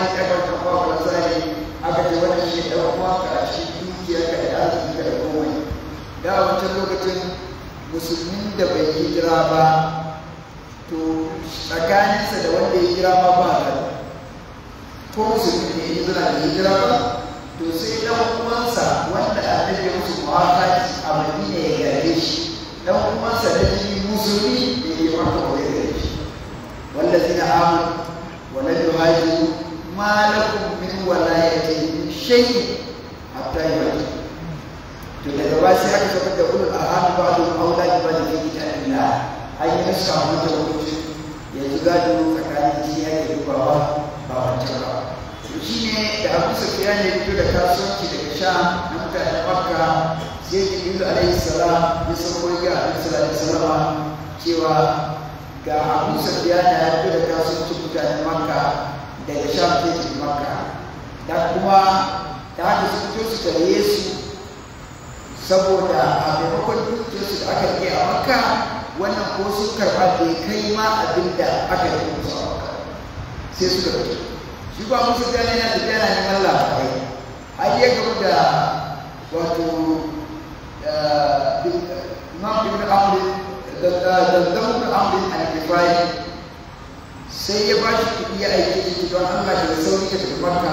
shi kafar ka kwa kwazari aka ce wannan shi ɗan uwanka a cikin dukiya ka da arziki ka da komai da wancan lokacin musulmin da bai yi jira ba to tsakaninsa da wanda ya jira ma ba ka ko musulmi ne hijira da jira ba to sai ɗan uwansa wanda annabi ya musu muwafaki a madina ya gare shi ɗan uwansa da jini musulmi ne ya yi wanda ya gare shi Wanda wallazina amanu ولن يهاجروا ma lakum min walayati shay'in hatta yaqin to daga ba sai aka tabbata da ulul ahad ba da aula ba da ke kitabillah ai ya samu da wuce ya ji gado tsakanin shi ya ke dubawa ba wancan ba to shi ne da abu safiya ne fito da kasuwanci daga sha na mutanen makka sai jibril alaihi salam ya sauko ga alaihi salam cewa ga abu safiya ne ya fito da kasuwancin mutanen makka daga sham zai da kuma ta haka su kyosu su yesu saboda a maimakon kyosu da aka yi a maka wannan ko sun karɓa bai kai ma abin da aka yi kuma a maka. sai suka fito shi ba musu gane yana tafiya na neman labarai har ya gaba da wato eh, imam ibn amr da da sai ya ba shi kuɗi ya aiki shi don an Allah da sauri ka tafi barka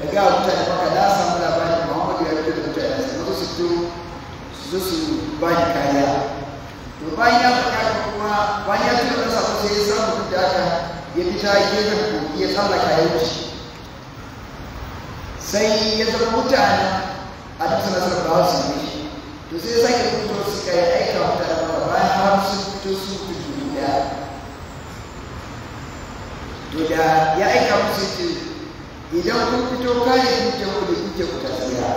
da ga wuta da baka da samu labarin Muhammadu ya fito da wuta sai wasu su fito su su ba shi kariya to bayan ya faɗa kuma bayan ya fito da sako sai ya samu duk da aka ya fi ta gefen kuɗi ya tsallaka kayan wuce sai ya zama mutane a duk sanasar ba su yi to sai ya sake fito su kai aika wuta da baka bayan har su fito su fito duniya to da ya aika musu ce idan kun fito kayan kuke ku da kuke ku tafiya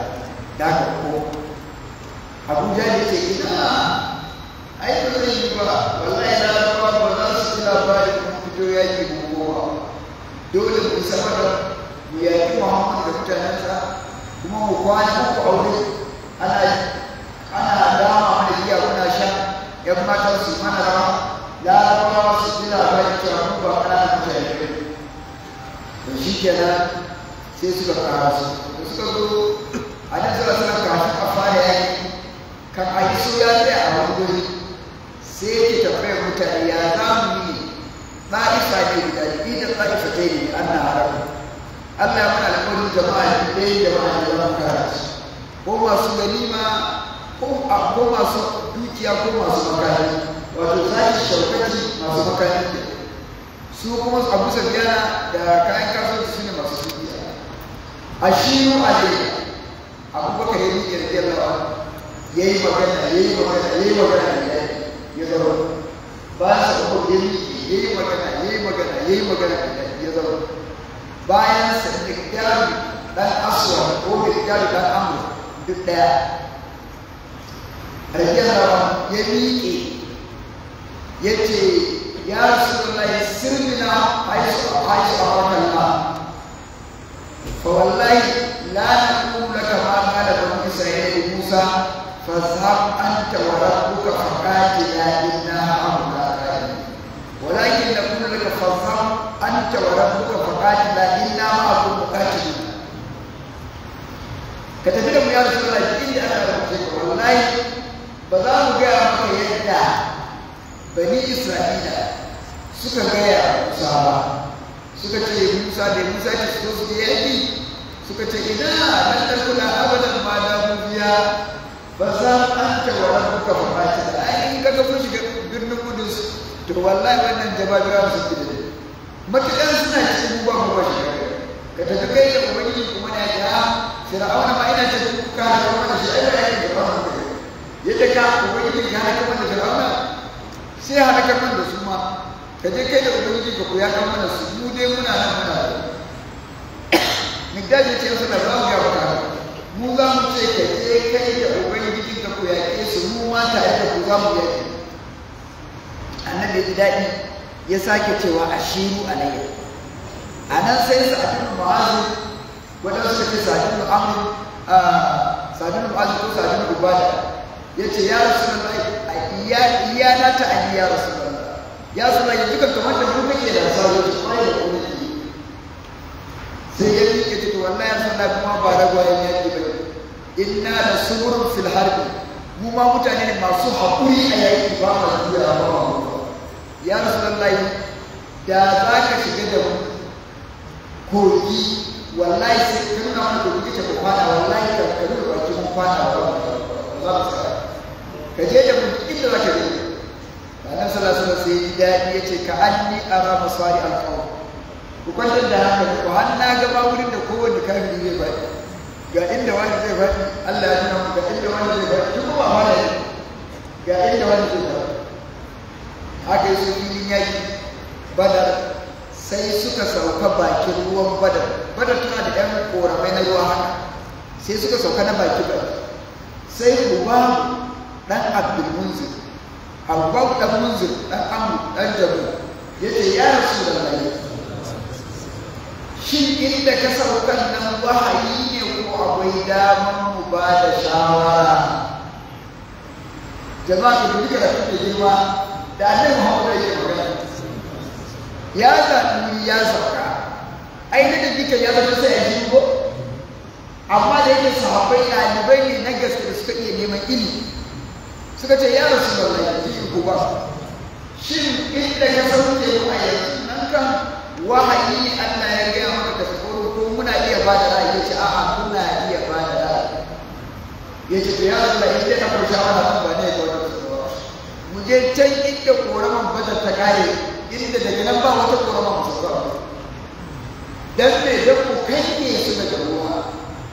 da ka ko abuja ne ce ina ai ba zai yi ba wallahi na zama ba za su ji labarin kun fito yaƙi ko kowa dole ku sama da mu yaƙi muhammad da mutanensa kuma mu kwana uku aure ana ana dama mana iya kuna sha yan matan su mana rawa larabawa su ji labarin to shi kenan sai suka kara su da suka zo a suna suna kafin a fara yaki kan a yi su ya a wani sai yake mutane ya za mu yi ɗa'ifa ne guda biyu da ɗa'ifa ta yi an na Allah ya mana alƙawarin jama'a ne ɗaya jama'a ne zama kara su ko masu ganima ko masu dukiya ko masu makani wato masu makani su kuma abu safiyana da kayan kasuwanci su ne masu sufi a shi mu a yi kirkiyar ya yi magana ya yi magana ya yi magana ya yi ya zama ba sa ya yi ya yi magana ya yi magana ya yi magana ya zama bayan sa kirkiyar dan ko kirkiyar dan amur duk daya ya ya ce فوالله لا نقول لك ما قال بنو إسرائيل موسى فاذهب أنت وربك فقاتلا إنا هؤلاء ولكن نقول لك فاذهب أنت وربك فقاتلا إنا معكم مقاتلين كتبت يا رسول الله إني أنا ربك والله بذلك يا رب يدع بني إسرائيل سكا يا موسى suka ce musa da musa ke su su yi yaƙi suka ce ina nan da kula abadan ma da mu biya ba za an ta wa rabbuka ba ba ta ai in kaga mun shiga birnin kudus to wallahi wannan jababira su ke da matuƙar suna cikin ba mu ba ka tafi kai da ubangiji kuma na sira auna ma ina ce ka da wannan shi ai ba yake da ba yadda ka ubangiji ya halaka mana fir'auna sai haka kan da su ma ka je kai da ubangiji ka koya kan mana su mu dai muna nan muna da migdal ya ce yasa ba za mu ya ba mu ga mu ce ka je kai da ubangiji ka koya ke su mu ma ta da ku ga mu ya ke annabi ya ji daɗi ya sake cewa a shiru alayya a nan sai su a cikin ma'azu a suka ce sadin mu'amun sadin mu'azu ko sadin ubada ya ce ya rasu da iya na ta'ani ya rasu na ya suna yi duka kamar da mun kake da sauri kwarai da kuma ki sai ya yi ya ce wallahi ya suna kuma ba ragwayen yaƙi ba inna da suburun fil harbi mu ma mutane ne masu haƙuri a yaƙi ba ma juya ba ma mutuwa ya rasulullahi da za ka shiga da kogi wallahi sai ka nuna mana kogi kace ku fada wallahi ka nuna baki mun fada ba za ka je da mu inda za ka je annabi sallallahu alaihi wasallam sai ji dadi yace ka anni ara masari alqawm ku kwantar da haka ku har na ga ba wurin da kowanne kafiri zai faɗi ga inda wani zai faɗi Allah ya tuna ga inda wani zai faɗi duk ba wani ga inda wani zai faɗi haka yi su filin yaki badar sai suka sauka bakin ruwan badar badar tana da ɗan ƙoramai na ruwa haka sai suka sauka na baki badar sai uba ɗan abdul munzir habbau da munzir ɗan amu ɗan jabu ya ce ya rasu da mai shin inda ka saukan nan wahayi ne ko akwai damar mu ba da shawara jama'a ku duka da kuke girma da annabi Muhammad yake magana ya zaɓi ya sauka ai da dukkan ya zaɓi sai ya ji ko amma da yake sahabbai ɗalibai ne na gaske da suka iya neman ilimi suka ce ya rasu da wani ji ku ba shin inda ka sauke mu a yanzu nan kan wahayi Allah ya gaya maka da tsoro ko muna iya ba da ra'ayi yace a'a muna iya ba da ra'ayi ce to ya rasu da inda ka da mana ba ne ko mu je can inda koraman bazar ta kare inda daga nan ba wata koraman ba su dan me dan ku kai ne su da ruwa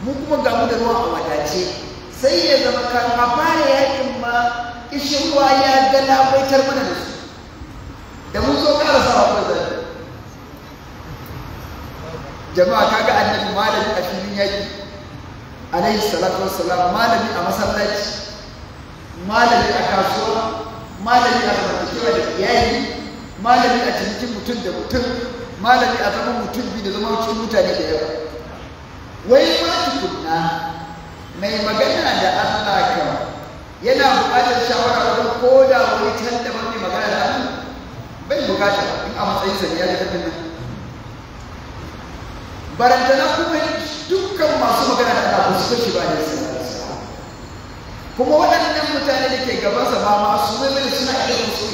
mu kuma ga mu da ruwa a wadace sai ya zama kafin a fara yakin ma ruwa ya ga labaitar mana da su da mun so ƙara sa akwai zai jama'a kaga annabi malami a filin yaƙi alaihi salatu wassalam malami a masallaci malami a kasuwa malami a zamantakewa da iyali malami a cikin mutum da mutum malami a zaman mutum biyu da zama cikin mutane da yawa wai ma tukunna mai magana da Allah kan yana buƙatar shawara wajen ko da wani can da mai magana da Allah bai bukata in a matsayin sa ya ji nan barantana kuma dukkan masu magana da Allah su kashi ba da su kuma waɗannan mutane da ke gaban sa ba masu wani suna iya su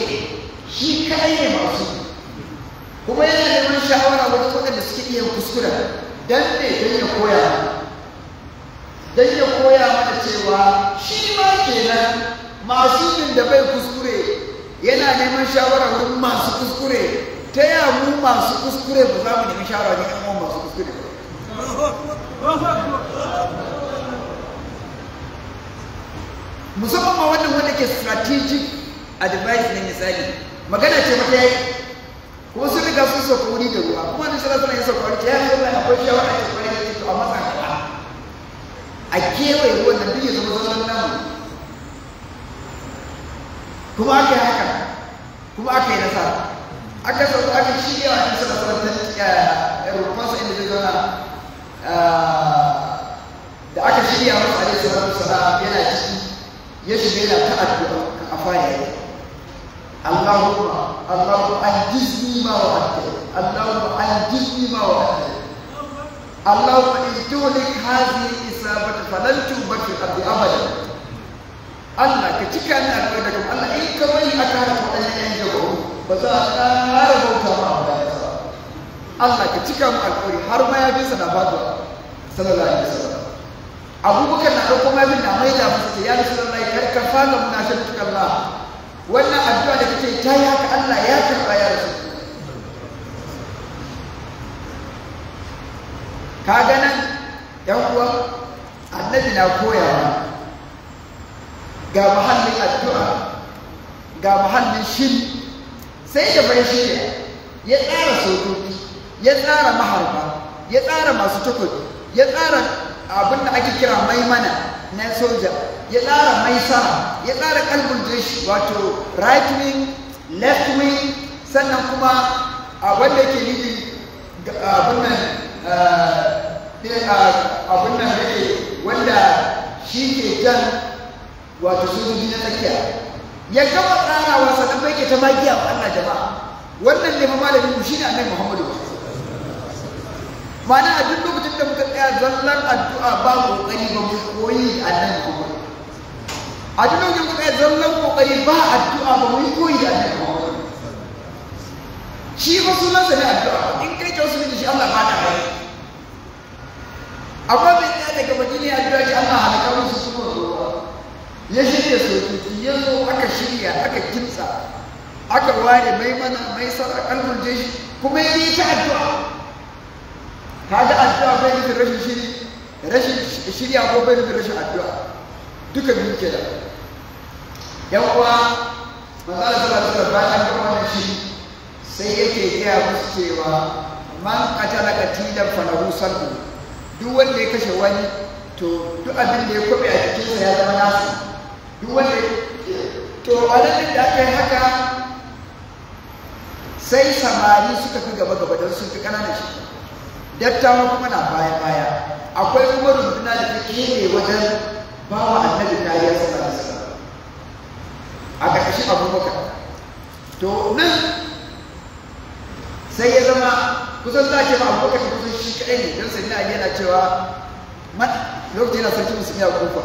shi kai ne masu kuma yana neman shawara wajen waɗanda suke iya kuskura dan ne don ya koya don ya koya mana cewa shi ma kenan masu da bai kuskure yana neman shawara wurin masu kuskure ta ya mu masu kuskure ba za mu nemi shawara ne kan masu kuskure musamman ma wannan wanda ke strategic advice ne misali magana ce mata yi. kuma sun riga sun sauka wuri da ruwa kuma da shi alaihi wasallam ya sauka wuri ta yayi akwai shawara ta kwarai da to a matsayin a kewaye ruwan nan duk ya zama zaunan namu kuma aka haka kuma aka yi nasara aka sauka aka ne wa cikin masarautar eh, rufansa inda zai zauna eh, da aka shirya masa alaihi salatu wasalam yana ciki ya shiga yana ta addu'a a wa اللهم Allahu an ما ma wa انجزني Allahu وعدتني اللهم ان تهلك هذه islamata falan tuba fi abu abada Allah ka cika ni alƙawari daga Allah in ka bari a kara waɗannan yan jago ba za a kara bauta ma a bayan sa Allah ka cika mu alƙawari har ma ya bisa na bada sallallahu alaihi wasallam abubakar na ɗauko bin na maida masa ta ya rasulullahi kar ka fara muna shirkin Allah wannan addu'a da kake ta yi haka Allah ya karɓa ya rasu ka ganin yan uwa annabi na koyawa ga muhallin addu'a ga muhallin shiri sai da bai shirya ya tsara sojoji ya tsara maharba ya tsara masu takobi ya tsara abin da ake kira maimana na soja ya tsara maisa ya tsara kalbin jeshi wato right wing left wing sannan kuma a wanda ke nidi abin nan eh, abin nan rage wanda shi ke jan wato sojoji na tsakiya ya gama tsarawa sannan bai ke ta magiya ba Allah jama'a wannan ne ma malamin mu shine annabi Muhammadu ma'ana a duk lokacin da muka tsaya zallan addu'a ba kokari ba mu koyi annabi Muhammadu a duk lokacin da muka tsaya zallan kokari ba addu'a ba mu koyi annabi Muhammadu shi ba fa sunansa ne addu'a in kai ta wasu ne shi Allah ba ta kai akwai mai tsaya daga madina ya jira ki Allah halaka musu su ya shirya sojoji ya zo aka shirya aka kimsa, aka ware mai mana mai sara kalmar jeshi kuma ya yi ta addu'a Ka ga addu'a bai nufin rashin shiri rashin shirya ko bai nufin rashin addu'a duka biyu ke da yan uwa maza da sallar sallar bayan gama wannan shiri sai yake gaya musu cewa man qatala qatilan falahu sallu duk wanda ya kashe wani to duk abin da ya kwabe a sa ya zama nasu duk wanda to a nan da aka yi haka sai samari suka fi gaba gaba don sun fi ƙananan shi dattawa kuma na baya baya akwai kuma runduna da ta kere wajen ba wa annabi kariyar sallallahu da wasallam a ƙarƙashin abubakar to nan sai ya zama kusan za ke ma abubakar da kusan shi kaɗai ne don sai na yana cewa lokacin yana sarki musulmi a kofa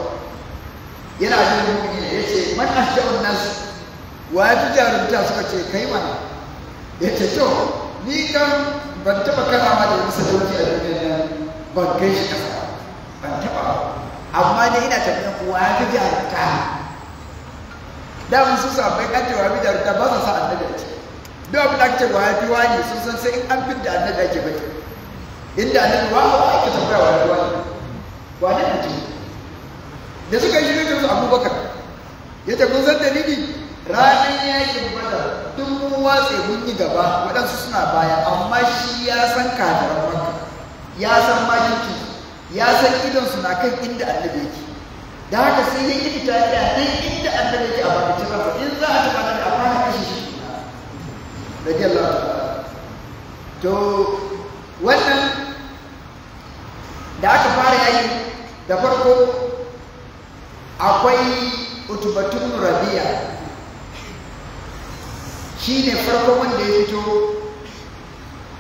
yana jin rukuni ne ya ce man ashja'un nasu wa ya fi jarumta suka ce kai mana ya ce to ni kan ban taɓa karama da wani sarki a duniya nan ban kai shi kasa ban taɓa amma dai ina tafiya kowa ya fi jarumta da mun su sabai kan cewa bi jarumta ba sa sa annabi a ciki duk abin da ake waya fi wani sun san sai in an fi da annabi ake bai inda annabi wa ba ake tambaya wa ya wani wani mutum da suka yi shirin su abubakar ya ce kun san dalili ranar yakin badar tun mun watse mun yi gaba waɗansu suna baya amma shi ya san kafiran wanka ya san makinki ya san idonsu na kan inda annabi yake da haka sai ya yi ita a nan inda annabi yake a bakin rafa radiyallahu ta'ala to wannan da aka fara yayi da farko akwai utubatun rabiya shi ne farko wanda ya fito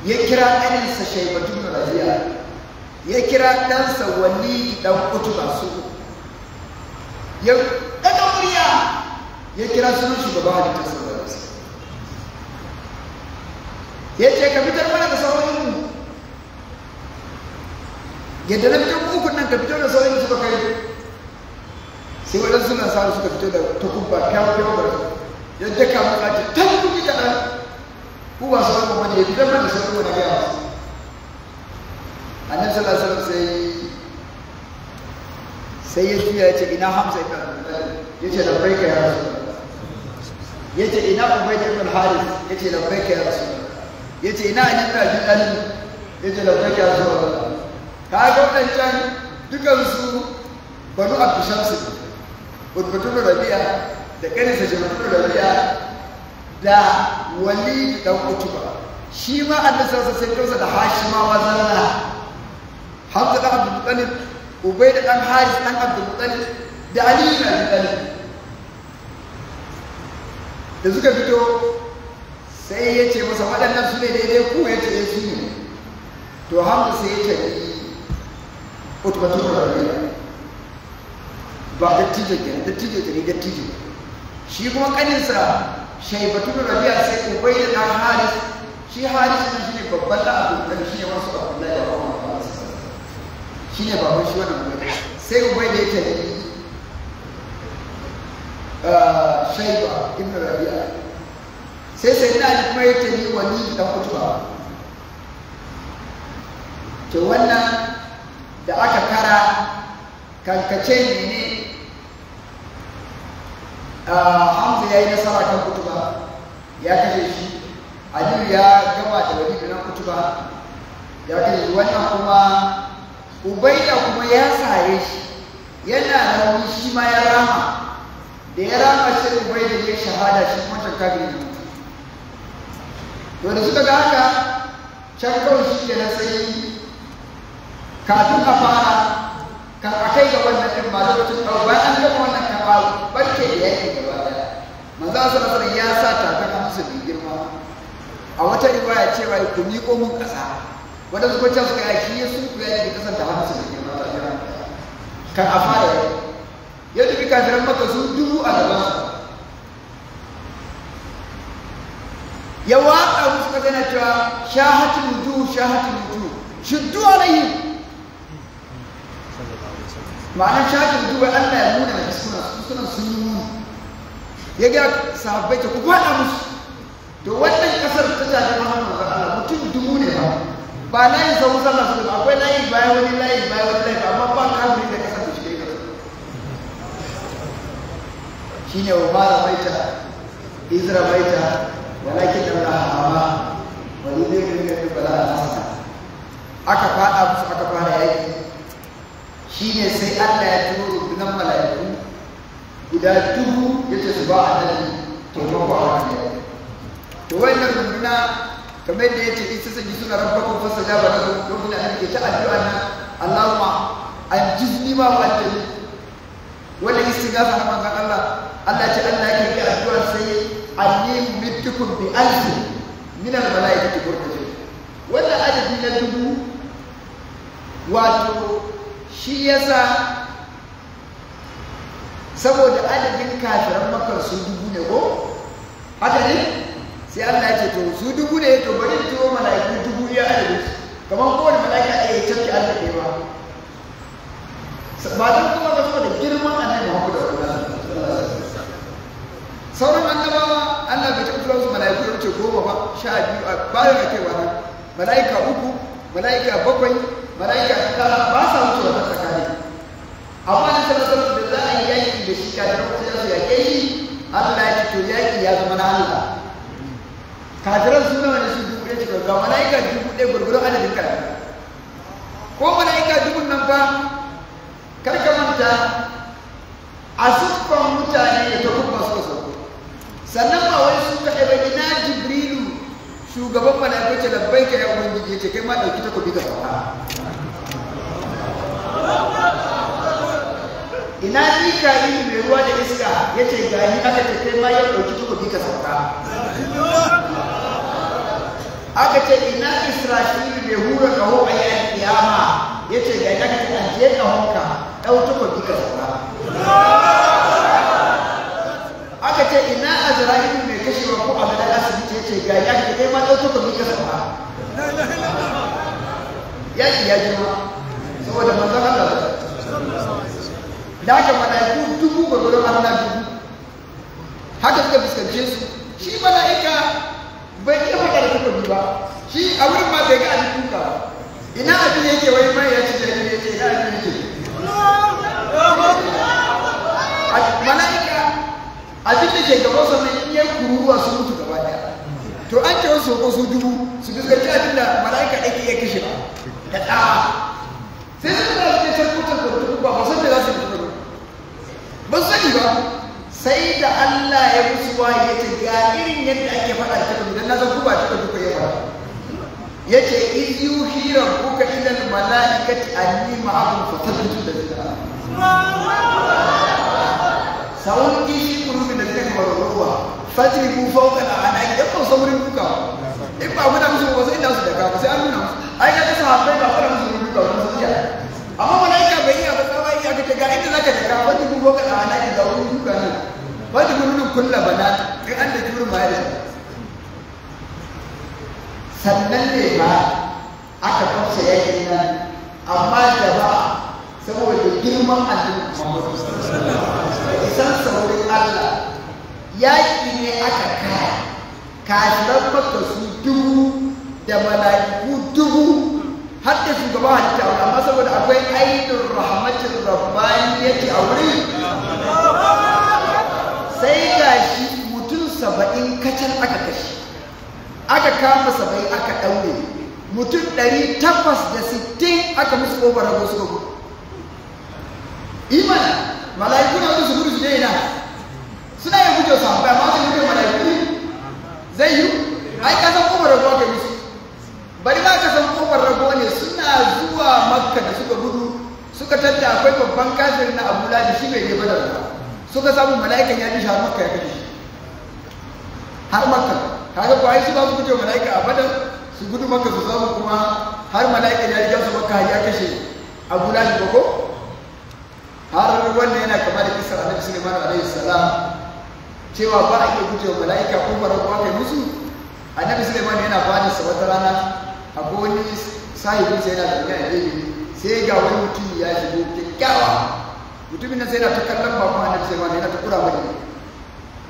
ya kira ɗaninsa shaibatun rabiya ya kira ɗansa wani ɗan utuba su ya ɗaga murya ya kira sunan shugaba halittarsa ya ce ka fitar mana da sauran mu yadda na fitar ukun nan ka fitar da sauran suka kai sai wadanda suna sa suka fitar da takubba fyawa-fyawa ba yadda ka muka ce ta kuma kaɗan ɗan kuma sauran mu wani ya fitar mana da sauran mu na gaya masu annabi sallallahu alaihi wasallam sai sai ya juya ya ce ina hamsa ibn ya ce da labbaika ya rasu ya ce ina ubayd ibn harith ya ce da labbaika ya rasu ya ce ina ina ta jin ɗan ya ce da kwaki a zuwa ka ga waɗancan dukansu banu abdushamsu urbatun rabi'a da kanisa jamatun rabi'a da wali dan utuba shi ma annabi sai sai wasallam da hashimawa zalla hamza dan abdul muttalib ubay da dan haris dan abdul muttalib da ali da abi da suka fito sai ya ce masa waɗannan su ne daidai ku ya ce su ne to hamdu sai ya ce utbatun rabiya ba dattijo ke dattijo ta ne dattijo shi kuma kaninsa shaibatun rabiya sai bai da ɗan haris shi haris ne shi ne babban abu da shi ne wasu abdullahi da kuma shi ne babban shi wannan ubai sai bai da ya ce ah, ba ibn rabiya sai sai na ji kuma yake ni wani dan kutuwa to wannan da aka kara kankace ne ne ah, hamza ya yi nasara kan kutuba ya kashe shi aliyu ya gama da wani nan kutuba ya kashe shi wannan kuma ubaida kuma ya saye shi yana rauni shi ma ya rama da ya rama shi ubaida ya shahada shi wancan kafin wanda da suka ga haka can kawai shi ke sai kafin a fara karɓa kai ga wannan ɗin ba da wata ɗau bayan an gama wannan karɓa barke da yaƙi gaba ɗaya manzo sallallahu alaihi ya sa kan musu bi girma a wata riwaya cewa ku miƙo mun ƙasa wanda suka can suka yi shi ya yi da ne kasan da su da girma ta kan a fara yau ya tafi kafiran maka su dubu a gaban ya watsa musu ka gana cewa shahatul wudu shahatul wudu shuddu alaihim ma'anar shahatul wudu wai Allah ya nuna da su fuskuna sun yi nuni ya ga sahabbai ta ku faɗa musu to wannan kasar ta jaje Muhammadu ga Allah mutum dubu ne ba ba layin sau sallah su akwai layi bayan wani layi bayan wani layi amma ba kafiri da kasar da shige kasar shine wa mara baita izra baita walakin da raha amma wani ne ne ne bala da hasa aka fada musu aka fara yaki shine sai Allah ya turo rundunar mala'iku guda dubu yace su ba annabi taimako a wannan yaki to wannan runduna kamar yadda yace isa sun suna rabbakum fasajaba lakum runduna ake ta addu'a na Allahumma ajizni ma wa ajini wannan istighafa na manzon Allah Allah ya ce Allah yake addu'a sai anni mittukum bi alfi min al malaikati gurdatin wannan adadi na dubu wato shi yasa saboda adadin kafiran makar su dubu ne ko haka ne sai Allah ya ce to su dubu ne to bari to malaiku dubu ya adadin kamar kowane malaika ɗaya ya tafi Allah ɗaya ba ba don kuma ga da girman annabi Muhammad sauran annabawa Allah bai taɓa su mala'iku ya wuce goma ba sha biyu a bayan ake wani mala'ika uku mala'ika bakwai mala'ika tara ba sa wuce wannan tsakani amma da sallallahu da za a yi yaƙi da shi ka da lokacin su yaƙe shi Allah ya ce yaƙi ya zama na Allah kafiran su nawa ne su dubu ɗaya cikin ga mala'ika dubu ɗaya gurgurun adadin karfi ko mala'ika dubu nan ba karka manta a siffan mutane da ta kuma su sannan ba wai su kaɗai ba ina jibrilu shugaban mala'ikai kwace labbai ka yawon ubangiji ya ce kai ma ɗauki takobi ga ba ina kari mai ruwa da iska ya ce yi aka ce kai ma ya ɗauki takobi ga sauka aka ce ina israshi mai hura kaho a yayin kiyama ya ce yi aka ce an je kahonka ɗau takobi ga sauka aka ce ina azra'ilu mai kashewa ko a gadar asibiti ya ce ga ya ke kai ma ɗauko ka mika sauka ya ki ya jiru saboda manzon Allah da haka mala'iku dubu gwagwaron Allah dubu haka suka fuskance su shi mala'ika bai iya faɗa da takobi ba shi a wurin ma bai ga a jikin ka ina jini yake wani mai ya ci yake ya ce ina abin yake mala'ika abin da ke gaban sa nan iya kururuwa sun mutu gaba daya to an ce wasu soko su dubu su fuskanci abin da mala'ika ake iya kashe ba da tsawa sai su da suke sarkutan da ba ba san da za su yi ba sani ba sai da Allah ya musu wahayi ya ce ga irin yadda ake faɗa ta dubu dan na san ku ba ta ya ba ya ce in yuhi rabbuka ilal mala'ikati anni ma'akum fatabtu da zira sauki fajiri ku fauka da ana idan ba saurin duka in ba guda musu ba sai su da sai an nuna musu ai ka kasa ba fara musu duka ba su iya amma malaika bai iya ba iya ka ga inda zaka daga fajiri ku fauka da ana duka ne ku nuna kulla bana in an da ma ya sannan ne ba aka kwamsa yi. nan amma jama'a saboda girman addinin Muhammadu saurin Allah yaƙi ne aka kaya kafiran fakta su dubu da mala'iku dubu har da shugaban halitta amma saboda akwai ainihin rahmatin rabbani yake a wuri sai ga shi mutum saba'in kacin aka kashe aka kama saba'in aka ɗaure mutum ɗari takwas da sittin aka musu ƙofar rago suka gudu imana mala'iku na wani su gudu su je ina suna yin guje sahabbai amma su mana yi zai yi ai ka san kofar rago ka musu bari ma ka san kofar rago ne suna zuwa makka da suka gudu suka tatta akwai babban kafin na abu da shi mai gaba da ruwa suka samu mala'ikan ya dishi har makka ya kashe har makka kaga ko ai su ba su guje mala'ika a badan su gudu makka su samu kuma har mala'ikan ya riga su makka ya kashe abu ba ko har wanda yana kama da kisar annabi sulaiman alaihi salam cewa ba a iya gujewa mala'ika ko farakwa kai musu annabi suleiman yana bani sa wata rana a wani sahibin sa yana zaune a yi sai ga wani mutum ya shigo kyakkyawa mutumin nan sai yana ta kallon bakon annabi suleiman yana ta kura mai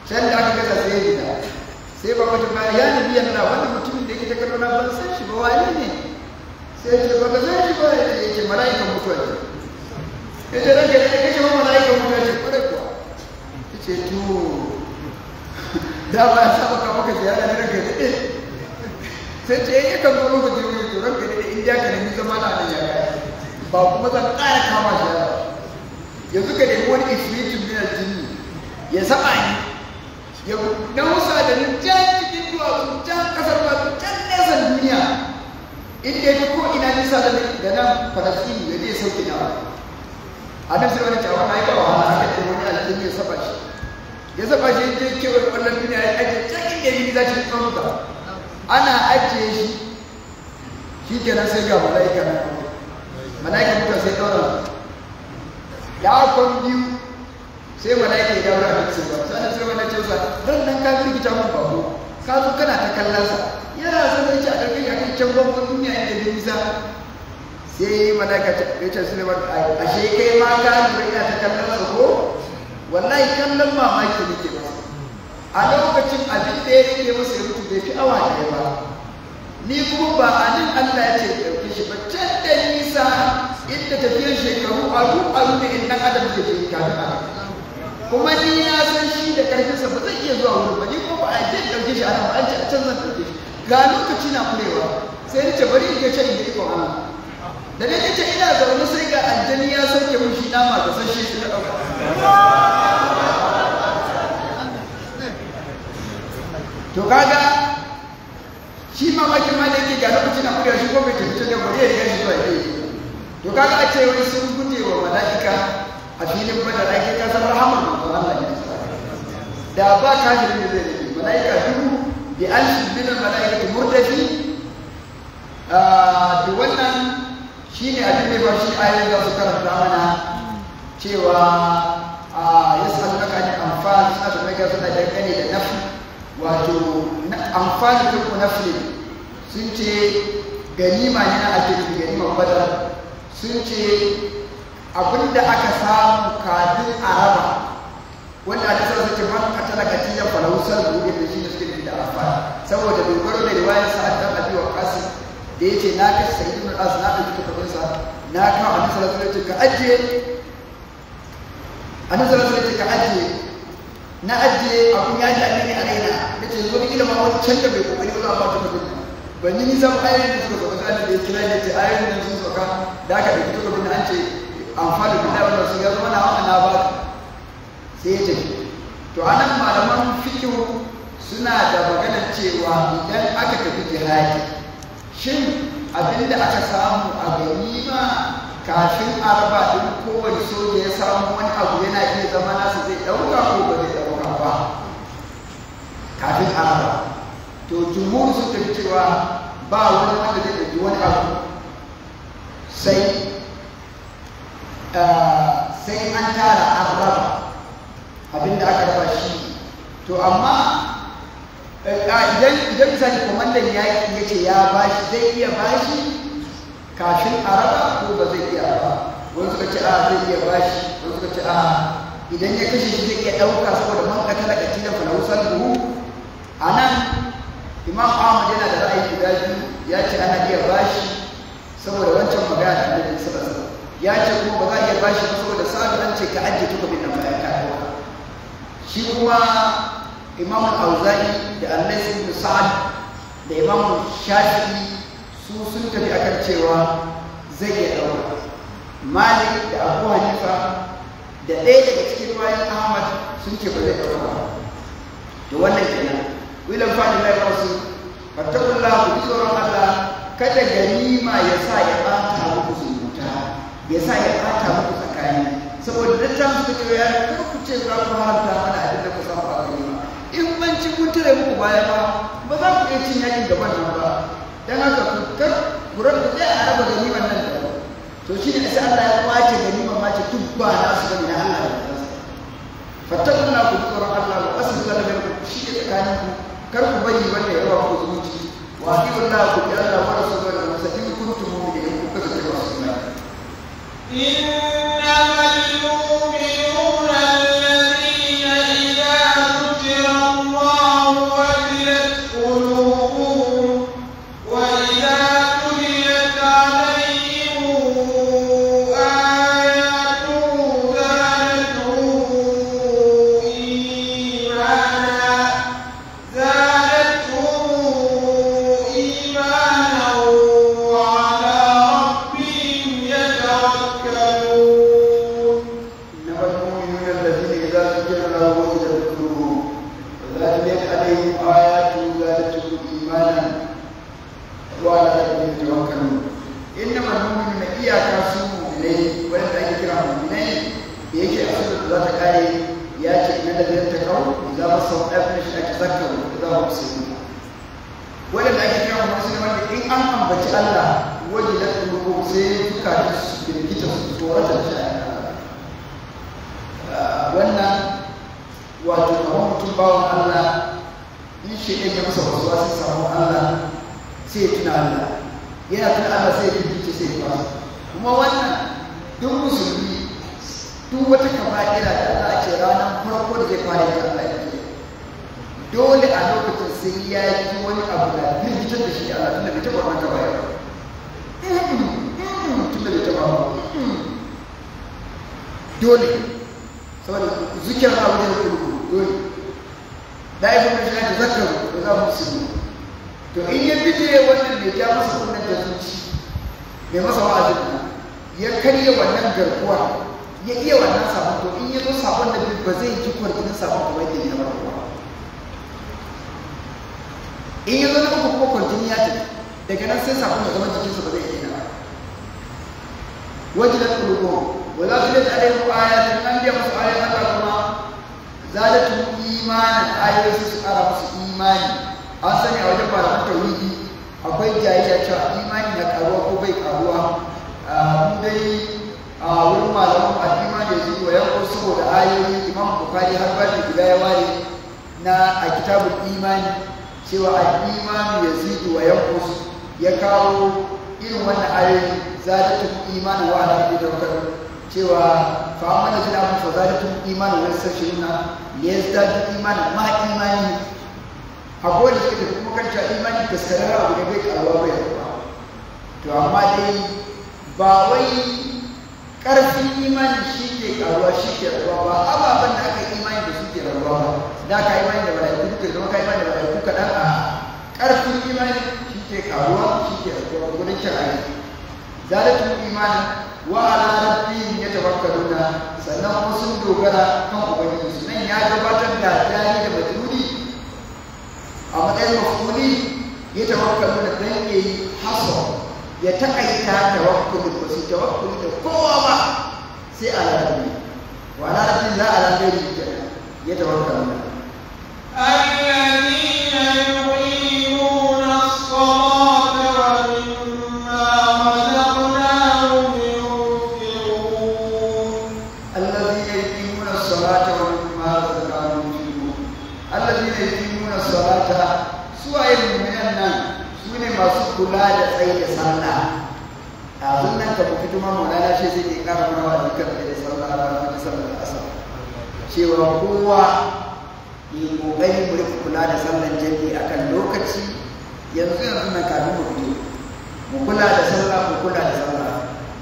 can da aka gaza sai ya gida sai ba wata ba ya nabi yana wani mutumin da yake ta kallon ban san shi ba wani ne sai ce ba ka san shi ba ya ce mala'ikan mutuwa ne ya ce ranke da ce ma mala'ikan mutuwa ce kwarai kuwa ya ce to da ba ya saba ka maka ziyara ne ranka daɗe sai ce eh, ya kan zo maka jirgin to ranka daɗe in ja ka nemi zama na da yaya ba kuma zan ƙara kama shi ba yanzu ka nemi wani ismitin min aljinni ya saba ni ya nausa da ni can cikin duwatsu can kasar ba can nesan duniya in da ya ko ina nisa da nan falasini da je sauke na ba a nan sai wani cewa na yi wahala haka ce wani aljinni ya saba shi ya zaba shi je kewar wannan duniya ya ajiye can inda yi za shi ta. ana ajiye shi shi nan sai ga mala'ika na mala'ika muka sai ɗora ya kwan biyu sai mala'ika ya daura da cikin ba sai sai wani cewa ran nan ka firgita mun babu. ka zo kana ta kallon sa yana zama yace a karkashin ya kai can gwamnan duniya ya da nisa sai mala'ika ya ce Suleiman ashe kai ma ka lura ina ta kallon sa ko wallahi ma mamaki nake ba a lokacin abin da ya rike masa ya mutu bai fi awa ɗaya ba ni kuma ba a nan Allah ya ce ɗauke shi ba can da nisa inda tafiyar shekaru aru aru da in ɗan adam ke ke kafin a kuma ni na san shi da ƙarfinsa ba zai iya zuwa wurin ba ni kuma ba a yi ɗauke shi a nan ba an ce a can zan ɗauke shi ga lokaci na kurewa sai ni ce bari in ke can in yi ƙwaƙwalwa da dai ce ina zaune sai ga aljani ya sauke mun shi dama da sashe shi na ɗauka to shima shi mamakin ma kuti na ga lokacin da kuda shi ya riga shi ba ce wai sun guje wa mala'ika a filin bada da ake kasar rahamar Allah ne da ba kafirin da ne rage mala'ika dubu bi alfin bin mala'ika da murdafi da ah, wannan shine abin da ba shi ayoyin da su karanta mana cewa ya sami na kanin amfani suna tambaya suna dangane da nafi wato amfani da ku nafi sun ce ganima ake na aljihu ganima badar sun ce abinda aka samu kafin araba wanda a kasar suke man katala katijan falawusar rubin da shi ne suke da amfani saboda dogaro da wayan sa'ad dan abi wa qasim da yace na kashe sayyidun al-as na ɗauki kafin na kawo a sallallahu alaihi wasallam ka ajiye annabi sallallahu alaihi wasallam ka ajiye na ajiye abun ya ji annabi a raina nace zo ni ma wani can da ko kokari wani amma ta gudun ban yi nisan ayoyin da suka sauka sai da ya kira ya ce ayoyin da sun sauka da aka ɗauki duka bin an ce amfani da billahi wannan ya zama na wannan na ba sai ya ce to anan malaman fikihu suna da maganar cewa idan aka tafi jihadi shin abinda aka samu a ganima kafin a raba din kowane soja ya samu wani abu yana iya zama nasu zai ɗauka ko ba zai ɗauka ba kafin araba raba to jumhur ta cewa ba wani wanda zai ɗauki wani abu sai eh, sai an tara araba raba abinda aka raba shi to amma eh, idan misali kwamandan ya ce ya bashi zai iya bashi Kashin a raba ko ba zai iya ba wani suka ce a ah, zai iya bashi wani suka ce a ah, idan ya kashe shi zai iya ɗauka saboda man ka tana kaci da fana wusan duhu a nan imam ahmad yana da ra'ayi guda biyu ya ce ana iya bashi saboda wancan magana da annabi sallallahu alaihi ya ce kuma ba za a iya bashi shi saboda sabi an ce ka ajiye bin nan bayan ka shi kuma imam al-auza'i da annabi ibn sa'ad da imam shafi'i su sun tafi kan cewa zai iya ɗaura malik da abu hanifa da ɗaya daga cikin bayan ahmad sun ce ba zai ɗaura ba to wannan kenan wilan fadi lai wasu fattakullah ku tsoron allah kada ganima ya sa ya ɓata muku zumunta ya sa ya ɓata muku tsakani saboda ta su ce ya kuma ku ce za ku haramta mana abin da ku samu a ganima in ban ci kun tare muku baya ba ba za ku iya cin yakin da nan ba don haka ku kar ku rabu sai a raba nan da to shi ne sai Allah ya kwace ganiman ma ce duk ba na su bane na Allah ya kwace fatakun ku Allah ku asu zalla da shi tsakanin ku kar ku bari wanda ya ku zuci wa fi Allah ku ya Allah wa rasulullahi sallallahu mu'minin ku إذا ذكر له وجدت قلوبهم وذلك عليهم آيات لا تجد إيمانا وعلى ربهم يتوكلون إنما المؤمنون إياك سوء إليه ولم أكرهم إليه بيجي أسد لا تكاري ياتي إن الذين تكروا إذا مصوا أبنش أتذكروا إذا هم سيئون ولم أكرهم مسلما إن أنهم بتي الله وجدت قلوبهم سيئون كاتس بالكتاب سورة الجاهل mutum bawan Allah in shi ɗan ya masa wasu wasu samu Allah sai ya tuna Allah yana tuna Allah sai ya bibice sai ya fasa kuma wannan duk musulmi duk wata kaba'ira da za a ce ranar farko da zai fara yin Allah ya dole a lokacin sai ya yi wani abu da bibice da shi Allah tun da bai taɓa wannan kaba'ira hmm, hmm, hmm, tun da bai taɓa dole saboda zikir abu da ya dole la ya fi shi ta zakaru da za mu su to in ya bijire wannan bai ja masa wannan da zuci bai masa wa'azin ya karya wannan garkuwa ya iya wannan sabon to in ya zo sabon da ba zai ji kwarkinin sabon kamar yadda ya zama kowa in ya zo na uku kuma kwarkinin ya tafi daga nan sai sabon ya zama jikinsa ba zai iya ba wajilat qulubuhum su la tulat alaihim ayatun an biya masu ayatun Allah kuma zalatum imanin ayoyi su ƙara musu imani an sani a wajen malaman wuri akwai jayayya cewa imani na karuwa ko bai karuwa mun dai a wurin malaman addima da yi wa yanko saboda ayoyi imam bukari har ba guda ya ware na a kitabun imani cewa al'imanu ya zidi wa yanko ya kawo irin wannan ayoyi za ta tafi imanin wa ala da cewa fa amma imanin jina mun fazalatu imanu wa sashiruna yazdadu imanin ma imani akwai da suke da kuma kanta imani da sarara abu da bai karuwa bai ba to amma dai ba wai karfin imani shi ke karuwa shi ke rabuwa ba ababen da aka imani da su ke rabuwa ba da ka imani da mala'iku duka zama ka imani da mala'iku kaɗan a karfin imani shi ke karuwa shi ke rabuwa gudun kyan ayi zalatun imani wa ala rabbihim kaduna sannan kuma dogara kan ubangiji nan ya gabatar da jari da majruri a matsayin mafuli yatawakkaluna dan yayi haso ya takaita tawakkul tawakkul da kowa ba sai ala rabbi wa ala rabbi la ala alladhina yuqimuna as kula da tsaye da sallah kafin nan ka fito ma maulana shi zai ke kara mana wa dukkan tsaye da sallah a ranar da asar cewa kowa yi kokari mu rufe kula da sallan jami'i kan lokaci yanzu yanzu na kafin mu fito mu kula da sallah mu kula da sallah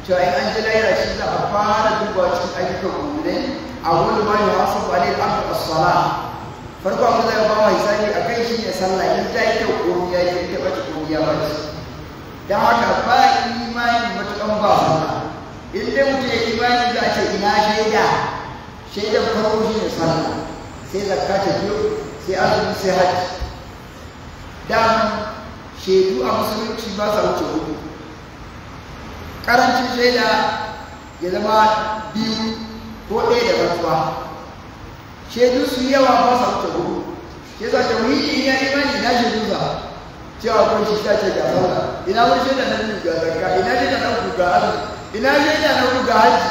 cewa in an ji laira shi za a fara duba cikin ayyukan mu'minai a wani ma yi wasu kwalil amsa as-salah farko abin da ya ba wa hisabi a kai shi ne sallah in ta yi kyau ko ya yi ta ɓace ko ya ɓace don haka ba imani matukan ba sallah in dai mutum ya imani za a ce ina shaida shaidan farko shi ne sallah sai zakka ta biyu sai azumi sai hajji daman shaidu a musulunci ba sa wuce hudu karancin shaida ya zama biyu ko ɗaya da rantsuwa shaidu su yawa ba sa wuce hudu shaidu a tauhidi ya imani na shaidu za cewa kun shi ta ce ga sallah ina wani shaida na biyu ga zakka ina shaida na uku ga azumi ina shaida na uku ga hajji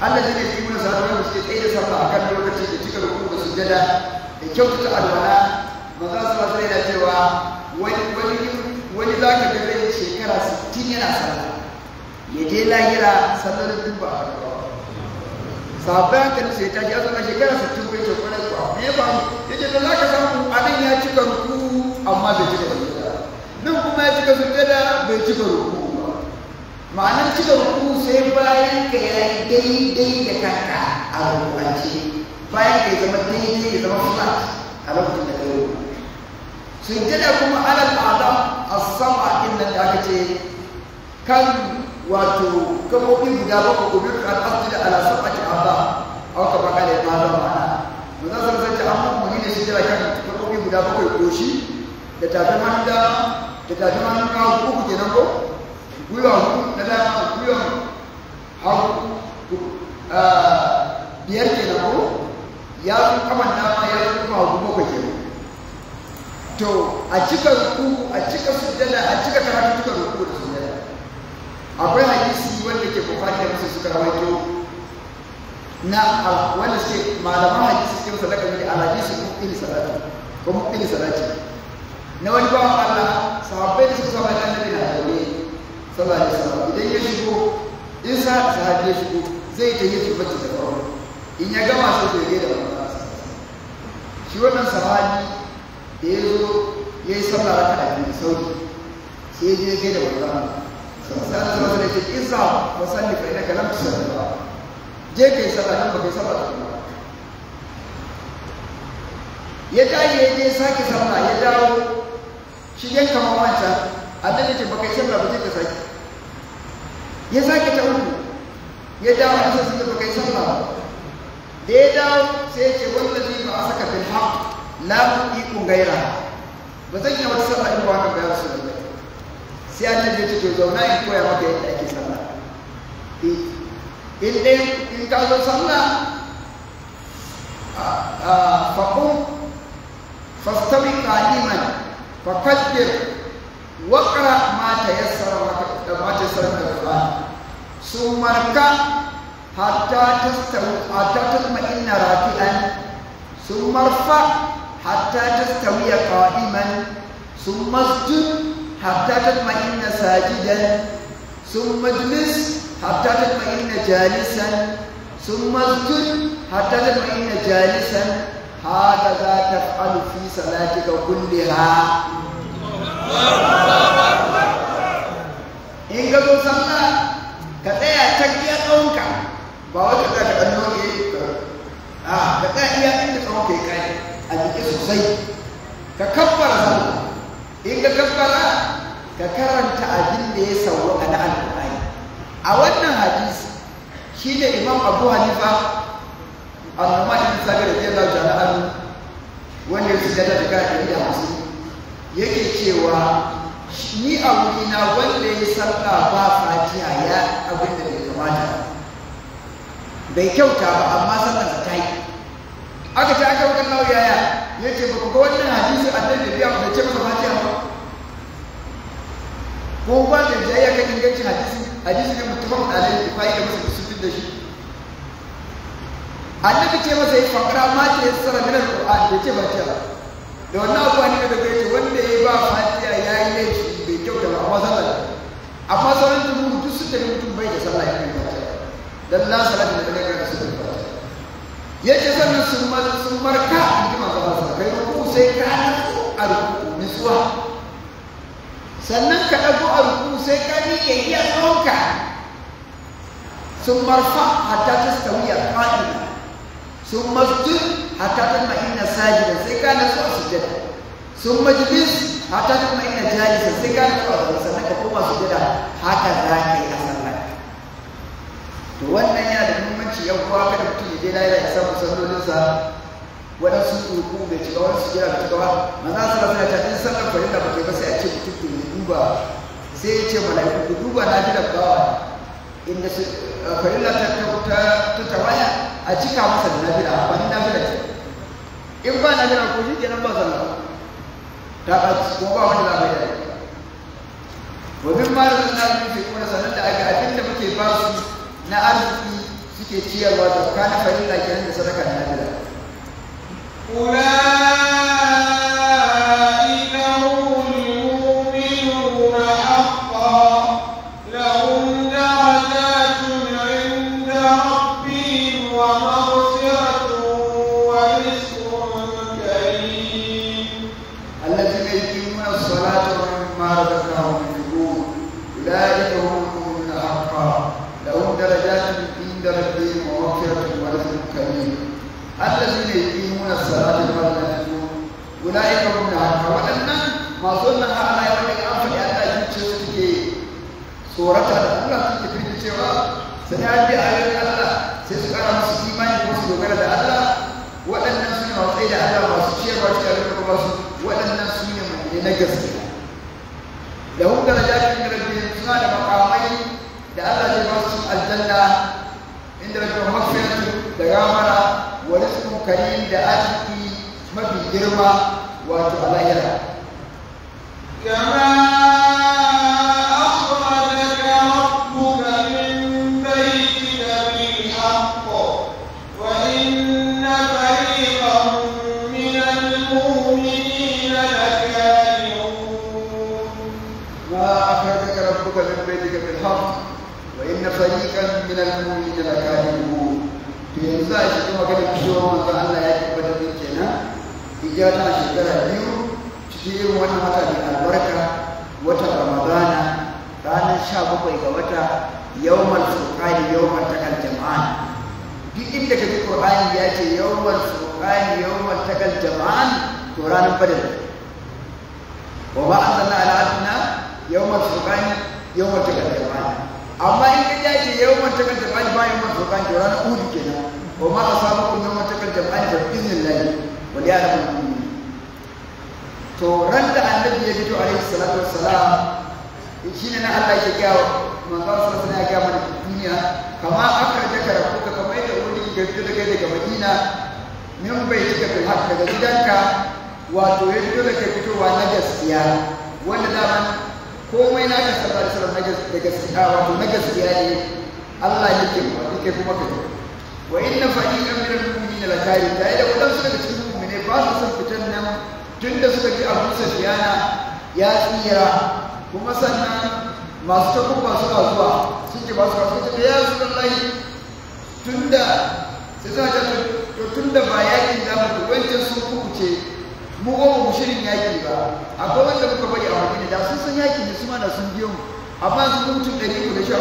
Allah shi ne shi mun da suke tsaye da safa akan lokaci da cika rukun da sujjada da kyautata alwala maza su wasu yana cewa wani wani wani za ka ga zai shekara 60 yana sallah ya je lahira sallar dubba a gaba sabai hankalin sai tashi ya zauna shekara sittin ko yace kwarai ko abu ya faru yace to za ka samu abin ya cika ruku amma bai cika sujjada nan kuma ya cika sujjada bai cika ruku ma'anar cika ruku sai bayan ka yi daidai da kanka a rukunce bayan ka zama daidai ya zama flat a lokacin da ka yi ruku kuma alal adam as-sam'a inda aka ce kan wato gabobi guda bakwai gobe ka al'abdi da alasun ake abba a waka baka da ma zama ana ba za su zance an mummuni da shi jira kan gabobi guda bakwai shi da tafi manda da tafi manda ka uku kenan ko gwiwa hudu na dama gwiwa hagu ah, biyar kenan ko ya fi kaman dama ya fi kuma hagu bakwai kenan to a cika ruku a cika sujjada a cika karatu cika ruku da su akwai hadisi wanda ke bukatar da musu suka rawaito na wanda suke malaman hadisi suke masa daga mai alhadisi mu'ini salati ko mu'ini salati na wani bawan Allah sahabbai da suka saba da annabi na zaune sallallahu alaihi wasallam idan ya shigo in sa sahabi ya shigo zai ta yi tabbata da farko in ya gama sai zai gaida wannan shi wannan sahabi da ya zo ya yi sallah raka'a biyu sauki sai ya je gaida wannan sallallahu alaihi wasallam isa wa salli fa lam tusalli je sallah ba sallah ya ya je sake sallah ya dawo shi yan kamar wancan annabi yi sallah ba je ka sake ya ta uku ya dawo an sai yi sallah ba da ya dawo sai ya ce wannan zai ba a saka fil haq la yuqiqu ghayra ba zan yi wata sallah in ba ka sai annabi ya ce zauna in koya maka yadda ake sallah in dai in ka zo sallah faƙon fastawi ƙa'iman faƙaddir waƙara ma ta yassara ma Sumarka yassara da ƙur'ani su marka hatta tastawi hatta tasma'inna raki'an su marfa hatta tastawi qa'iman mana, masjid hatta tatma'inna sajidan sun majlis hatta tatma'inna jalisan sun masjid hatta tatma'inna jalisan haka za ta fa'alu fi in ka zo sallah ka tsaya ta iya tsawonka ba wata ka ka ɗan noke a ka tsaya iya inda tsawon kai, kai a jiki sosai ka kabbara sallah in ka kabbara ka karanta abin da ya a na alƙur'ani a wannan hadisi shi ne imam abu hanifa annuma ibn da radiyallahu ta'ala anhu wanda ya sujada da kada da hamsin yake cewa ni a ina wanda ya sarka ba fatiha ya abin da bai kamata bai kyauta ba amma sallarsa ta yi aka ce aka wakar yaya ya ce ba ku ga wannan hadisi annabi biya ba ce masa fatiha ba ko ba da jayya kan ingancin hadisi hadisi ne mutum alai da fa'i da musu sun da shi annabi ce masa yi fakara ma ce ya tsara minar qur'an da ce ba ce ba da wannan abuwa ne da kai ce wanda ya ba fatiha ya yi laifi bai kyauta ba amma sallah amma sauran jumu'u duk sun tafi mutum bai da sallah ya yi ba. dan na salatu da kai ga su da fatiha yace sannan sun marka in ji manzo Allah kai ko sai ka a rubutu nisuwa sannan ka ɗago a ruku sai ka miƙe iya tsawonka sun marfa hatta ta stawiya ƙa'ida sun masjid hatta ta ma'ina sajida sai ka na nasu su jada sun majalis hatta ta ma'ina jalisa sai ka na a su sannan ka koma jada haka za ka yi a sallah to wannan yana da muhimmanci yan kowa kada mutum ya je lafiya ya samu sallolinsa waɗansu ruku bai cika wani sujjira da cika ba manzo sallallahu alaihi wasallam ya ce sallar farilla ba ta ba sai a ce mutum ku duba sai ya ce mala'iku ku duba na ji da bawa inda eh, farilla ta ta ta tawaya a cika masa da nafila amfani nafila ce in ba nafila ko shi kenan ba sallah ta ɓaci ko ba wani labai da yake wa min ma razaqna min fi kuma sanan da aka abin da muke ba su na arziki suke ciyarwa zakka na farilla kenan da sadaka na nafila Ura! tsorata da Allah suke cewa, sai da bi ayoyin Allah sai su kara musu imani ko su dogara da Allah waɗannan su ne matsayi da Allah masu ciyarwa cikin rikon masu waɗannan su ne mai na gaske da hun daraja cikin rabbi suna da makamai da Allah zai ba su aljanna inda rabbi mafiyatu da gamara wa rizqun karim da arziki mafi girma wato a lahira. بالحق وإن فريقا من المؤمنين لكاذبون to yanzu cewa manzo Allah ya tabbatar da kenan hijira tana shekara biyu cikin irin wannan ramadana ranar sha bakwai ga wata yawmal inda kaji qur'ani ya ce yawmal furqani amma in ka ce yau mata kan jama'a bayan ma to kan jira na udu kenan ko ma asabakum yau mata kan jama'a da billahi wa ya rabbul to ran da annabi ya fito alaihi salatu wassalam shi ne na Allah ke gaya wa manzon sallallahu alaihi wasallam ya gaya mana duniya kama akarja ka rabbuka kamar yadda wani ya fito daga daga Madina min bai ta fil haka da gidanka wato ya fito ke fitowa na gaskiya wanda da komai na ka da alaihi na da gaskiya wato na gaskiya ne Allah ya ke ba kai kuma ka wa inna fa'iqan min al-mu'minina la karim da idan wadan suka cikin mu'mine ba su san fitan nan tunda suka ji a sa shiyana ya tsira kuma sannan masu kuma suna zuwa sun ji ba su kasu ta ya su lallai tunda sai suna ta to tunda ba yakin da mu wancan sun kuku ce mu ko mu shirin yaki ba akwai wanda muka bari da sun san yakin da su mana sun biyo mu amma su mutum ɗari uku da sha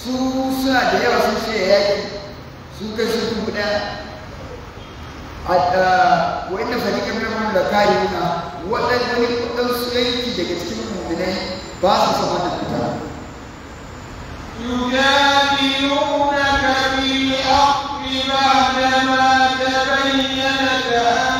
su suna da yawa sun ce yaki su kai su dubu ɗaya wa inna fariqan minhum la karihuna waɗannan waɗansu yanki daga cikin mu'minai ba su san wannan fita يجادلونك بالحق بعدما تبين لك أن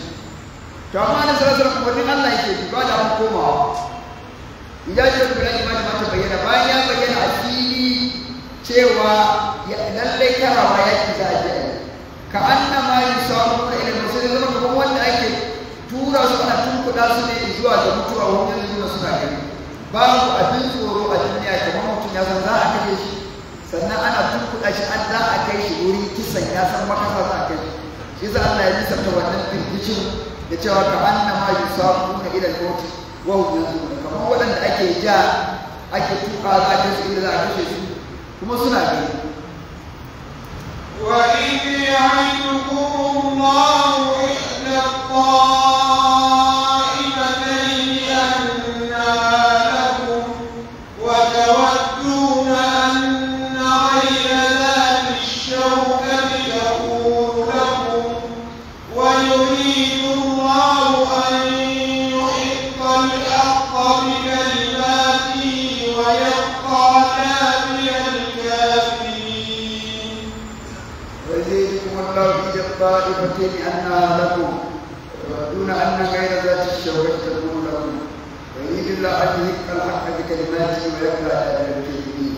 to amma da sarasar umarnin Allah yake ba da mun komawa ya ce ku ran imani mata bayyana bayan ya bayyana a fili cewa lallai karawa yaki za a je ka anna ma yusawu ka ila masjid zama kamar wanda ake tura su ana tunkuda su ne zuwa da mutuwa wajen zuwa suna Ba babu abin tsoro a duniya kamar mutum ya san za a kashe shi sannan ana tunkuɗa shi an za a kai shi wuri kisan ya san makasa za a kai shi shi za Allah ya nisanta wannan firgicin da cewa ka annama yusafuna ila al-maut wa hum yanzurun kamar waɗanda ake ja ake tuka za ta su inda za a kashe su kuma suna gani وإذ يعدكم الله إحدى الطائفات بيد أنها لكم دون أن غير ذات الشوكة تكون لكم ويريد الله أن يهك الحق بكلماته ويكره أهل الكذبين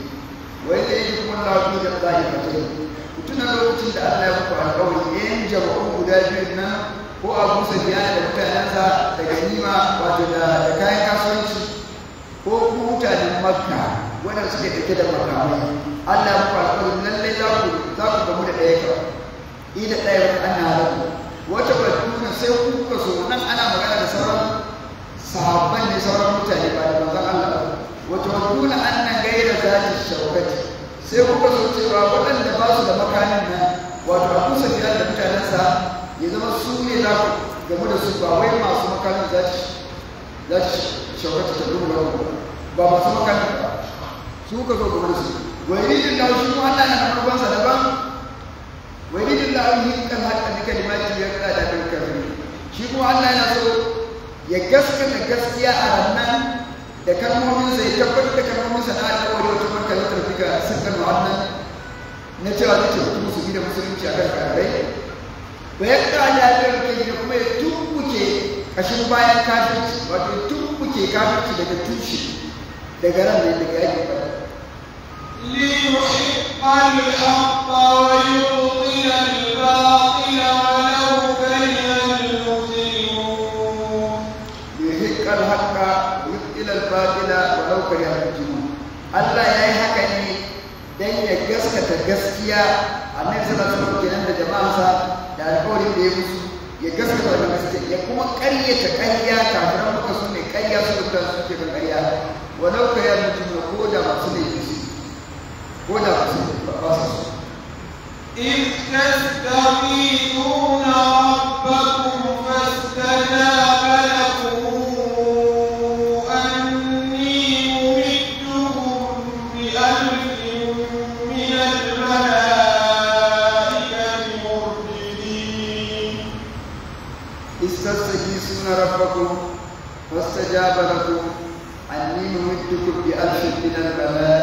وإذ يجدكم الله جود الطائفتين وتنا لوقتين da Allah ya muku alƙawari in jama'u guda biyun nan ko Abu Sufyan da mutanensa da ganima wato da kayan kasuwanci ko ku mutanen Makka wannan suke take da makamai Allah ya muku alƙawari lallai za ku za ku gamu da ɗaya kawai Ina ɗaya ana rabu wata batuna sai kuka so nan ana magana da sauran sahabban ne sauran mutane ba da manzon Allah wata batuna annan gaira zati shaukati sai kuka so cewa waɗanda ba su da makanin nan wato a kusa fiye da mutanensa ya zama su ne za game da su ba wai masu makanin za zati shaukati ta duba ba masu makanin ba su ka zo game da su wani rijin da shi kuma Allah na karɓar sa daban wa yuridu Allahu yuhiqqa al-haqqa bi kalimatihi wa yaqda da bil kafirin shi kuma Allah yana so ya na gaskiya a rannan da kalmomin sai tabbatar da kalmomin sa da alƙawari wata barka da tarfika sun kan wannan na cewa zai tafi musulmi da musulunci a kan kafirai wa yaqda la bil kafirin kuma ya tumbuke kashin bayan kafirci wato tumbuke kafirci daga tushe daga ran daga yaki ليحق الحق ويبطل الباطل ولو كره المجرمون ليحق الحق ويبطل الباطل ولو كره المجرمون الله يا هكني dan ya gaskata gaskiya annabi sallallahu alaihi wasallam da jama'arsa da alƙawarin da ya musu ya gaskata wannan gaskiya ya kuma ƙaryata ƙarya kafiran muka su ne ƙarya su da suke kan ƙarya walau ka ya mutum ko da masu ne هدى رصص إذ تستغيثون ربكم فاستجاب لكم أني ممدكم بألف من الملائكة مرددين إذ تستغيثون ربكم فاستجاب لكم أني ممدكم بألف من الملائكة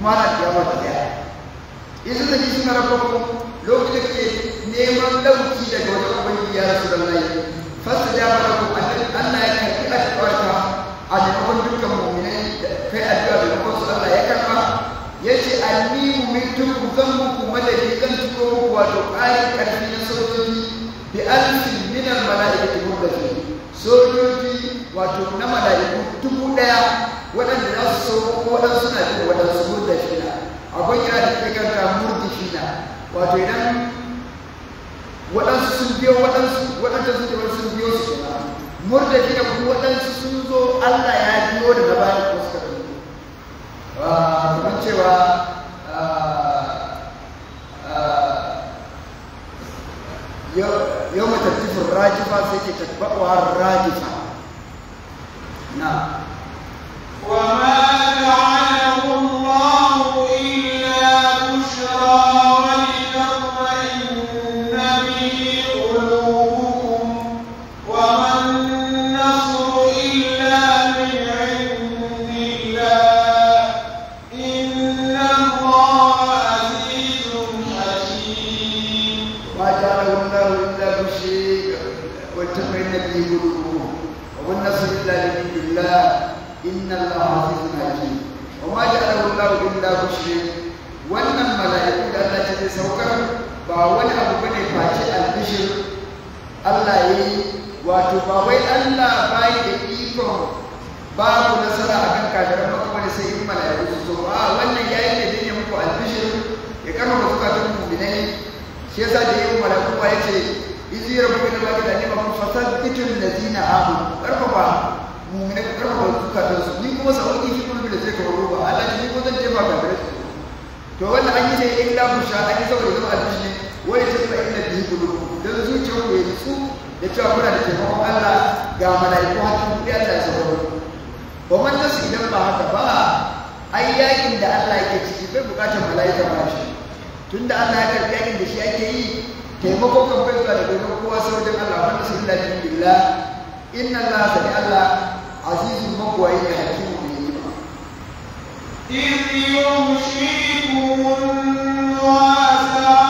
kuma ana kiyama ta daya yanzu da kishi lokacin da ke neman dauki daga wajen ubangiji ya rasu da lai fasta ja mana ku Allah ya karbi addu'arka a jikon dukkan mu'minai kai addu'a da kuma su Allah ya karba yace anni umitu ku zan muku madadi zan tuko muku wato ayi karfi na sojoji bi alfin min al mala'ikati mukaddin sojoji wato na mala'iku dubu daya waɗanda za su sauko ko waɗansu suna jin waɗansu murda shi na akwai kira da ta ganta murda shi na wato idan waɗansu sun biyo waɗansu waɗanda sun tabar sun biyo su murda shi na kuma waɗansu sun zo Allah ya biyo da na bayan ko suka biyo ah, kamar cewa ah, ah, yau matattifin rajifa sai ke tabbawa rajifa na وما جعل inna Allah hafizun hakim wa ma ja'alahu Allah illa bushri wannan mala'iku da Allah ya saukar ba wani abu bane face albishir Allah yayi wato ba wai Allah bai da ikon babu nasara akan kafirai ba kuma sai in mala'iku su zo a wannan yayi ne dinne muku albishir ya kama zukatan mu'minai shi yasa da yayin mala'iku ya ce izi rabbuka la ilaha illa huwa fasaddiqul ladina amanu karfafa mummune ka karfafa su ni kuma sa'o'i fi da sai ka ruba Allah ni ko zan jefa ka gare to wannan an yi ne illa busha an yi saboda zama alfishi wai ce fa inna bihi kullu dan zuciyar ku ya nutsu da cewa kuna da taimakon Allah ga mala'iku hakan kuɗi Allah ya sauraro ba man nasu idan ba haka ba ai yakin da Allah yake ciki bai bukatar mala'ika ba shi tunda Allah ya karbi yakin da shi ake yi taimako kan bai zuwa da domin kowa sai wajen Allah wannan sai illa billah inna Allah Allah عزيز مقوى حكيم بالحكمة إذ يمشيكم النعاس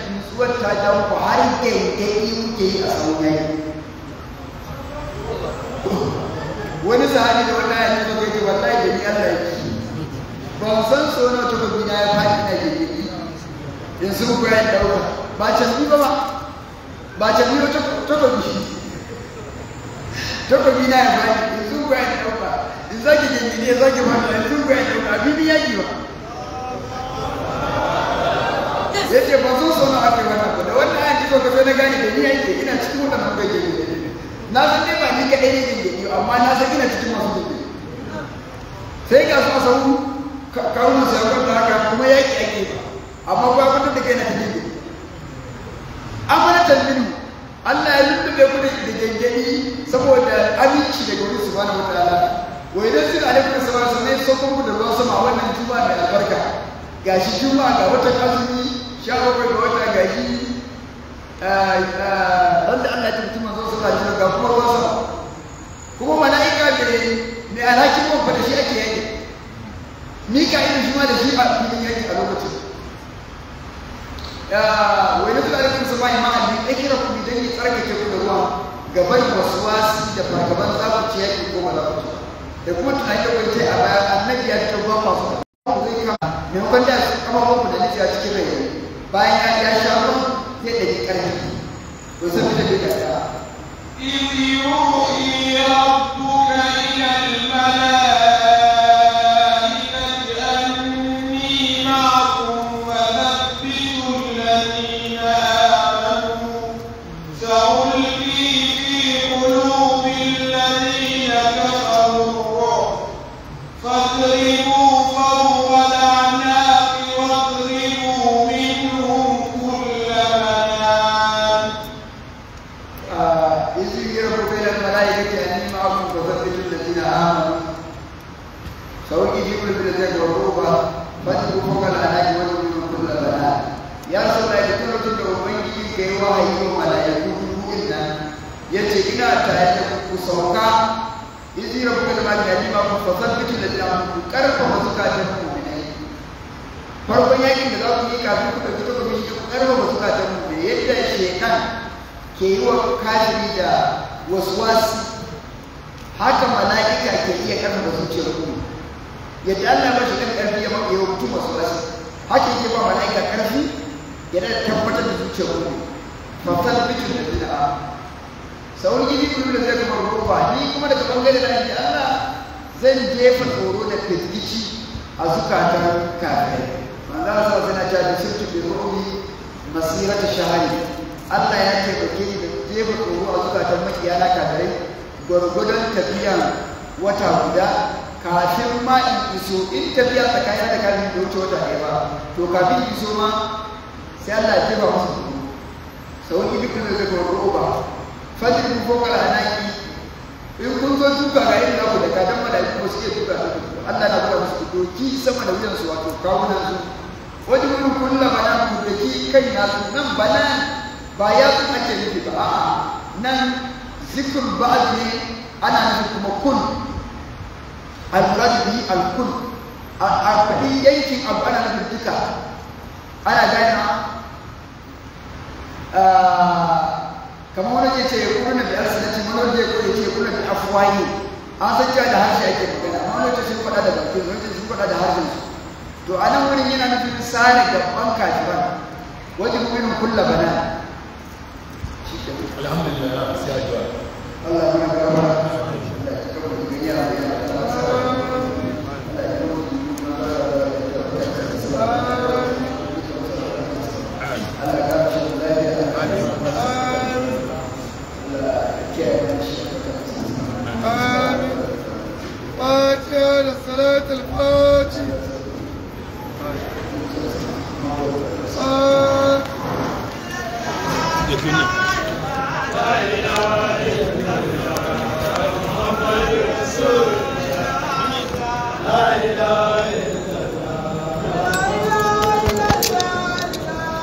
zuwan ta jan ku har gengeni kuke yi a sauyayi wani sahabi da wata yanzu ba gaji wallahi da ni Allah ya ci ba mu san so na ta gobi na ya faɗi na gengeni yanzu ku ya dauka ba ta ni ba ba ta ni ta gobi ta gobi na ya faɗi yanzu ku ya dauka in zaki gengeni zaki faɗi yanzu ku ya dauka bi ni yaki ba ya ce ba so so na aka wani abu da wannan ayan kiso kaso na gane da ni yake ina cikin wannan abu da ke na san dai ba ni kaɗai ne ke yi amma na san ina cikin masu gudu sai ga su a sau kawunan su yankon da haka kuma yaƙi ake ba amma ba fitar da kai na tafi gudu amanatan minu Allah ya lullube ku da gangani saboda aminci daga wani subhanahu wa ta'ala wa idan suka alaikum sallallahu alaihi wasallam sai kun da ruwan sama wannan juma'a da albarka gashi juma'a ga watan azumi sha da ga wata eh, eh, ga shi wanda Allah ya tabbata manzo sallallahu alaihi ga kuma ruwansa kuma mala'ika da mai alhakin babba da shi ake yaki mika irin shi ma da shi a filin a lokacin eh, wai na tsari kun sama a ali ya kira kuma idan ya tsarkake ku da ruwa gaban wasuwasi da fargaban zakuci yaki ko malakuci da kuma tunanin da kwanci a baya annabi ya fito ruwa masu zai kama maimakon da kama kuma da nufi a cikin rai bayan ya sha ya zai ɗauki ƙarfi to sai mutum bai da ta. sauka izi rabbuka da mali nabi ba ku fasabbitu da jira ku wasu zukatan ku ne farkon yakin da za ku yi kafin ku ɗauki ta kuma shi ku wasu zukatan ku ne yadda shekan ke yi wa kashiri da wasu wasu. haka mala'ika ke iya karfafa ce ku yadda Allah ba shi kan karfi ya maɓe wa wasu wasu, haka yake ba mala'ika karfi yana tabbatar da zuciyar ku fasabbitu da jira sauri gidi kuma da zai kuma rufa ni kuma daga bangare na yi Allah zan jefa tsoro da firgici a zukatan kafirai manzo Allah sai na jaji sun tubi rubi masirata shahari Allah ya ce ka ke da jefa tsoro a zukatan makiyana kafin, gwargwadon tafiya wata guda kafin ma in iso in tafiya tsakanin da kafin da wuce wata ɗaya ba to kafin iso ma sai Allah ya jefa musu tsoro sauran da zai kuma roba fajin kun fokar hanaki in kun zo duka ga yin naku da kadan mala'iku ba suke duka Allah na buga musu ki sama da su wato kawunan su wani wurin kulla bana ku doki kai na su nan ba bana ba ya su ake nufi ba a'a nan zikin ba ne ana nufi kuma kun al-murad al-kun a faɗi yankin abu ana nufin duka ana gana kamar wani ke ce ya kuna da yarsa nace wani ke ko ce kuna da afwayi an san cewa da harshe ake magana amma wani ce sun faɗa da bakin wani sun faɗa da harshen su to a nan wurin yana nufin sare gaban kafiran wajen kullum kulla bana shi ke alhamdulillah sai addu'a Allah ya Allah ya